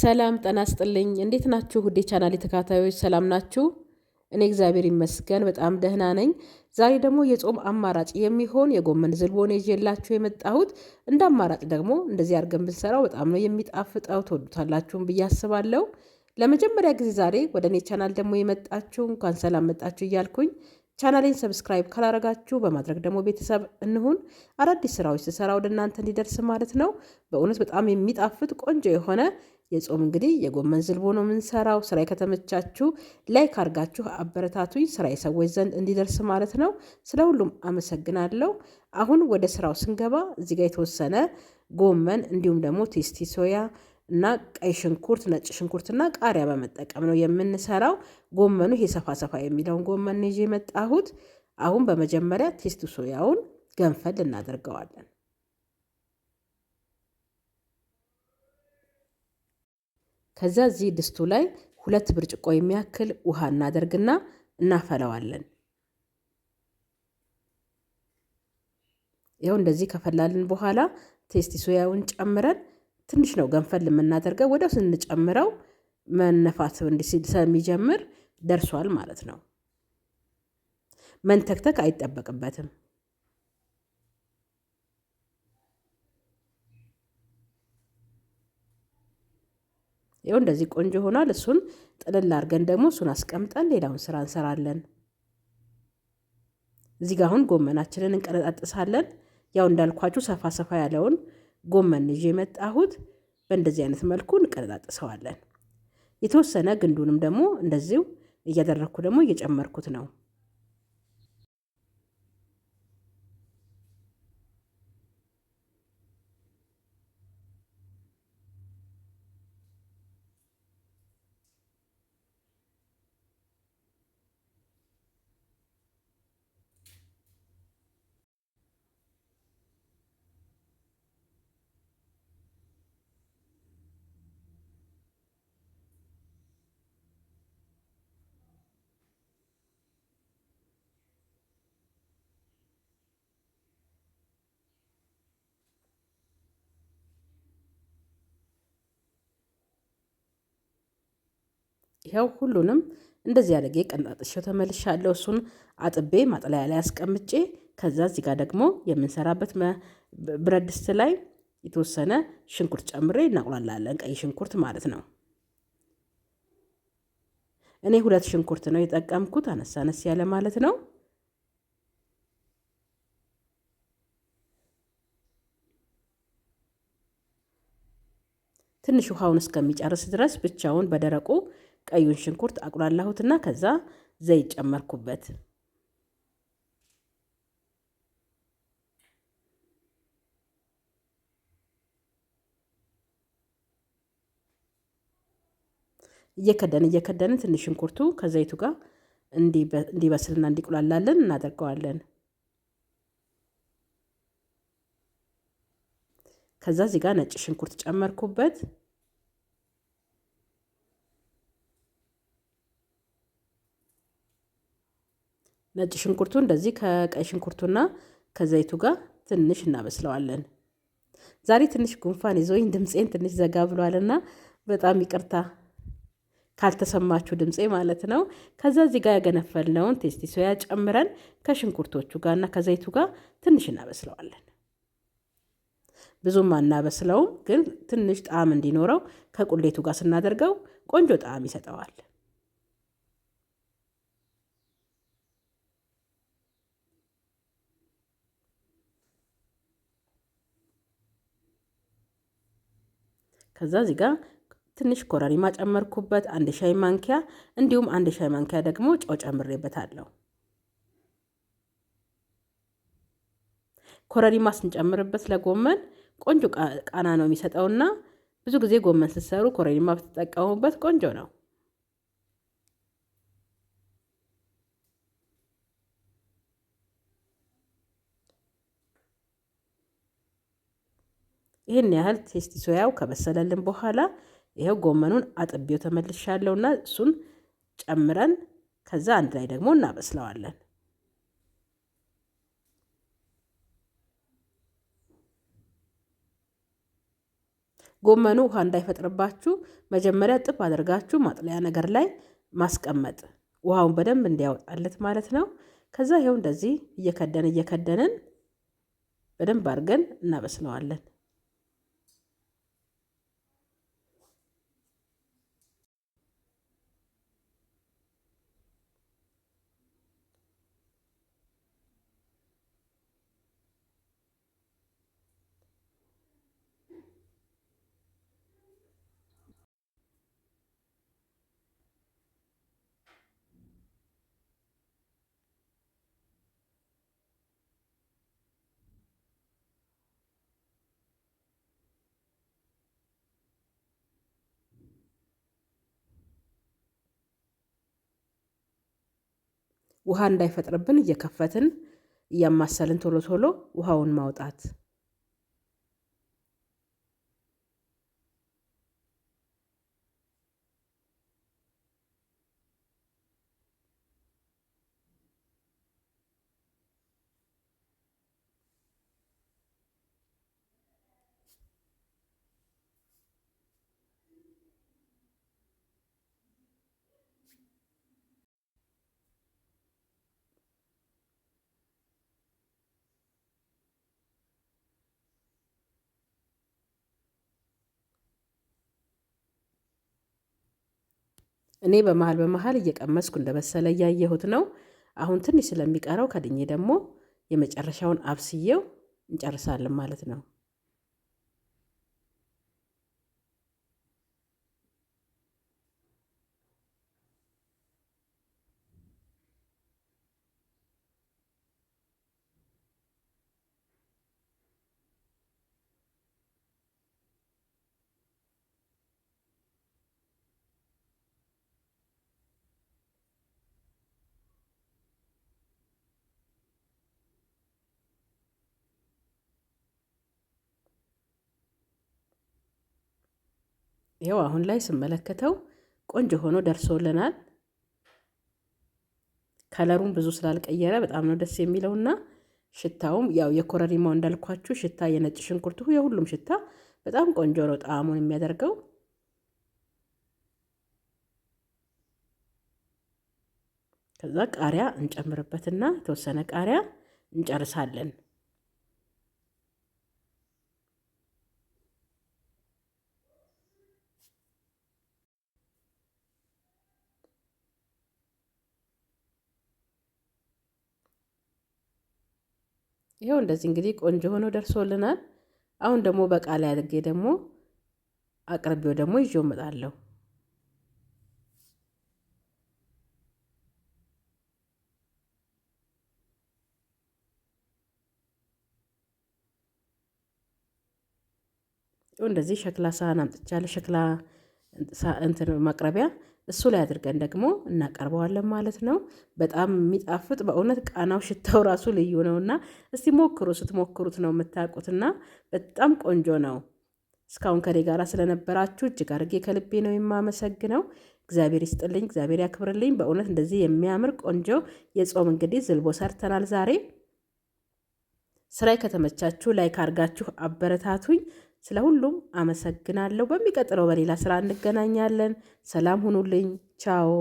ሰላም ጠና ስጥልኝ። እንዴት ናችሁ? ሁዴ ቻናል የተካታዮች ሰላም ናችሁ? እኔ እግዚአብሔር ይመስገን በጣም ደህና ነኝ። ዛሬ ደግሞ የጾም አማራጭ የሚሆን የጎመን ዝልቦ ነው ይዤላችሁ የመጣሁት። እንደ አማራጭ ደግሞ እንደዚህ አድርገን ብንሰራው በጣም ነው የሚጣፍጠው፣ ትወዱታላችሁም ብዬ አስባለሁ። ለመጀመሪያ ጊዜ ዛሬ ወደ እኔ ቻናል ደግሞ የመጣችሁ እንኳን ሰላም መጣችሁ እያልኩኝ ቻናሌን ሰብስክራይብ ካላረጋችሁ በማድረግ ደግሞ ቤተሰብ እንሁን። አዳዲስ ስራዎች ስሰራ ወደ እናንተ እንዲደርስ ማለት ነው። በእውነት በጣም የሚጣፍጥ ቆንጆ የሆነ የጾም እንግዲህ የጎመን ዝልቦ ነው የምንሰራው። ስራ ከተመቻችሁ ላይክ ካርጋችሁ አበረታቱኝ፣ ስራ የሰዎች ዘንድ እንዲደርስ ማለት ነው። ስለ ሁሉም አመሰግናለሁ። አሁን ወደ ስራው ስንገባ እዚህ ጋር የተወሰነ ጎመን እንዲሁም ደግሞ ቴስቲ ሶያ እና ቀይ ሽንኩርት፣ ነጭ ሽንኩርትና ቃሪያ በመጠቀም ነው የምንሰራው። ጎመኑ ይሄ ሰፋ ሰፋ የሚለውን ጎመን ይዤ የመጣሁት አሁን በመጀመሪያ ቴስቲ ሶያውን ገንፈል እናደርገዋለን። ከዛ እዚህ ድስቱ ላይ ሁለት ብርጭቆ የሚያክል ውሃ እናደርግና እናፈለዋለን። ይኸው እንደዚህ ከፈላልን በኋላ ቴስቲ ሶያውን ጨምረን ትንሽ ነው ገንፈል የምናደርገው። ወደው ስንጨምረው መነፋት እንዲሲል ስለሚጀምር ደርሷል ማለት ነው። መንተክተክ አይጠበቅበትም። ይኸው እንደዚህ ቆንጆ ይሆናል። እሱን ጥልል አድርገን ደግሞ እሱን አስቀምጠን ሌላውን ስራ እንሰራለን። እዚህ ጋር አሁን ጎመናችንን እንቀነጣጥሳለን። ያው እንዳልኳችሁ ሰፋ ሰፋ ያለውን ጎመን ይዤ የመጣሁት በእንደዚህ አይነት መልኩ እንቀነጣጥሰዋለን። የተወሰነ ግንዱንም ደግሞ እንደዚሁ እያደረግኩ ደግሞ እየጨመርኩት ነው። ይኸው ሁሉንም እንደዚህ አድርጌ ቀንጣጥሼው ተመልሻለሁ። እሱን አጥቤ ማጥለያ ላይ አስቀምጬ ከዛ እዚህ ጋር ደግሞ የምንሰራበት ብረት ድስት ላይ የተወሰነ ሽንኩርት ጨምሬ እናቁላላለን። ቀይ ሽንኩርት ማለት ነው። እኔ ሁለት ሽንኩርት ነው የጠቀምኩት፣ አነስ አነስ ያለ ማለት ነው። ትንሽ ውሃውን እስከሚጨርስ ድረስ ብቻውን በደረቁ ቀዩን ሽንኩርት አቁላላሁትና ከዛ ዘይት ጨመርኩበት። እየከደን እየከደንን ትንሽ ሽንኩርቱ ከዘይቱ ጋር እንዲበስልና እንዲቁላላለን እናደርገዋለን። ከዛ እዚህ ጋር ነጭ ሽንኩርት ጨመርኩበት። ነጭ ሽንኩርቱ እንደዚህ ከቀይ ሽንኩርቱና ከዘይቱ ጋር ትንሽ እናበስለዋለን። ዛሬ ትንሽ ጉንፋን ይዞኝ ድምፄን ትንሽ ዘጋ ብሏልና በጣም ይቅርታ ካልተሰማችሁ ድምፄ ማለት ነው። ከዛ እዚህ ጋር ያገነፈልነውን ቴስቲ ሶያ ጨምረን ከሽንኩርቶቹ ጋር እና ከዘይቱ ጋር ትንሽ እናበስለዋለን። ብዙም አናበስለውም፣ ግን ትንሽ ጣዕም እንዲኖረው ከቁሌቱ ጋር ስናደርገው ቆንጆ ጣዕም ይሰጠዋል። ከዛ እዚህ ጋር ትንሽ ኮረሪማ ጨመርኩበት፣ አንድ ሻይ ማንኪያ እንዲሁም አንድ ሻይ ማንኪያ ደግሞ ጨው ጨምሬበታለሁ። ኮረሪማ ስንጨምርበት ለጎመን ቆንጆ ቃና ነው የሚሰጠውና ብዙ ጊዜ ጎመን ስትሰሩ ኮረሪማ ብትጠቀሙበት ቆንጆ ነው። ይህን ያህል ቴስቲ ሶያው ከበሰለልን በኋላ ይኸው ጎመኑን አጥቤው ተመልሻለሁና እሱን ጨምረን ከዛ አንድ ላይ ደግሞ እናበስለዋለን። ጎመኑ ውሃ እንዳይፈጥርባችሁ መጀመሪያ ጥብ አድርጋችሁ ማጥለያ ነገር ላይ ማስቀመጥ ውሃውን በደንብ እንዲያወጣለት ማለት ነው። ከዛ ይኸው እንደዚህ እየከደን እየከደንን በደንብ አድርገን እናበስለዋለን። ውሃ እንዳይፈጥርብን እየከፈትን እያማሰልን ቶሎ ቶሎ ውሃውን ማውጣት እኔ በመሀል በመሀል እየቀመስኩ እንደበሰለ እያየሁት ነው። አሁን ትንሽ ስለሚቀረው ከድኜ ደግሞ የመጨረሻውን አብስዬው እንጨርሳለን ማለት ነው። ይኸው አሁን ላይ ስመለከተው ቆንጆ ሆኖ ደርሶልናል። ከለሩም ብዙ ስላልቀየረ በጣም ነው ደስ የሚለውና ሽታውም ያው የኮረሪማው እንዳልኳችሁ ሽታ የነጭ ሽንኩርቱ የሁሉም ሽታ በጣም ቆንጆ ነው ጣዕሙን የሚያደርገው። ከዛ ቃሪያ እንጨምርበትና የተወሰነ ቃሪያ እንጨርሳለን። ይኸው እንደዚህ እንግዲህ ቆንጆ ሆኖ ደርሶልናል። አሁን ደግሞ በቃ ላይ አድርጌ ደግሞ አቅርቤው ደግሞ ይዤው እመጣለሁ። እንደዚህ ሸክላ ሳህን አምጥቻለሁ። ሸክላ እንትን ማቅረቢያ እሱ ላይ አድርገን ደግሞ እናቀርበዋለን ማለት ነው። በጣም የሚጣፍጥ በእውነት ቃናው፣ ሽታው ራሱ ልዩ እና እስቲ ሞክሩ። ስትሞክሩት ነው የምታውቁትና በጣም ቆንጆ ነው። እስካሁን ከኔ ጋር ስለነበራችሁ እጅግ አድርጌ ከልቤ ነው የማመሰግነው። እግዚአብሔር ይስጥልኝ፣ እግዚአብሔር ያክብርልኝ። በእውነት እንደዚህ የሚያምር ቆንጆ የጾም እንግዲህ ዝልቦ ሰርተናል ዛሬ። ስራይ ከተመቻችሁ ላይክ አድርጋችሁ አበረታቱኝ። ስለ ሁሉም አመሰግናለሁ። በሚቀጥለው በሌላ ስራ እንገናኛለን። ሰላም ሁኑልኝ። ቻው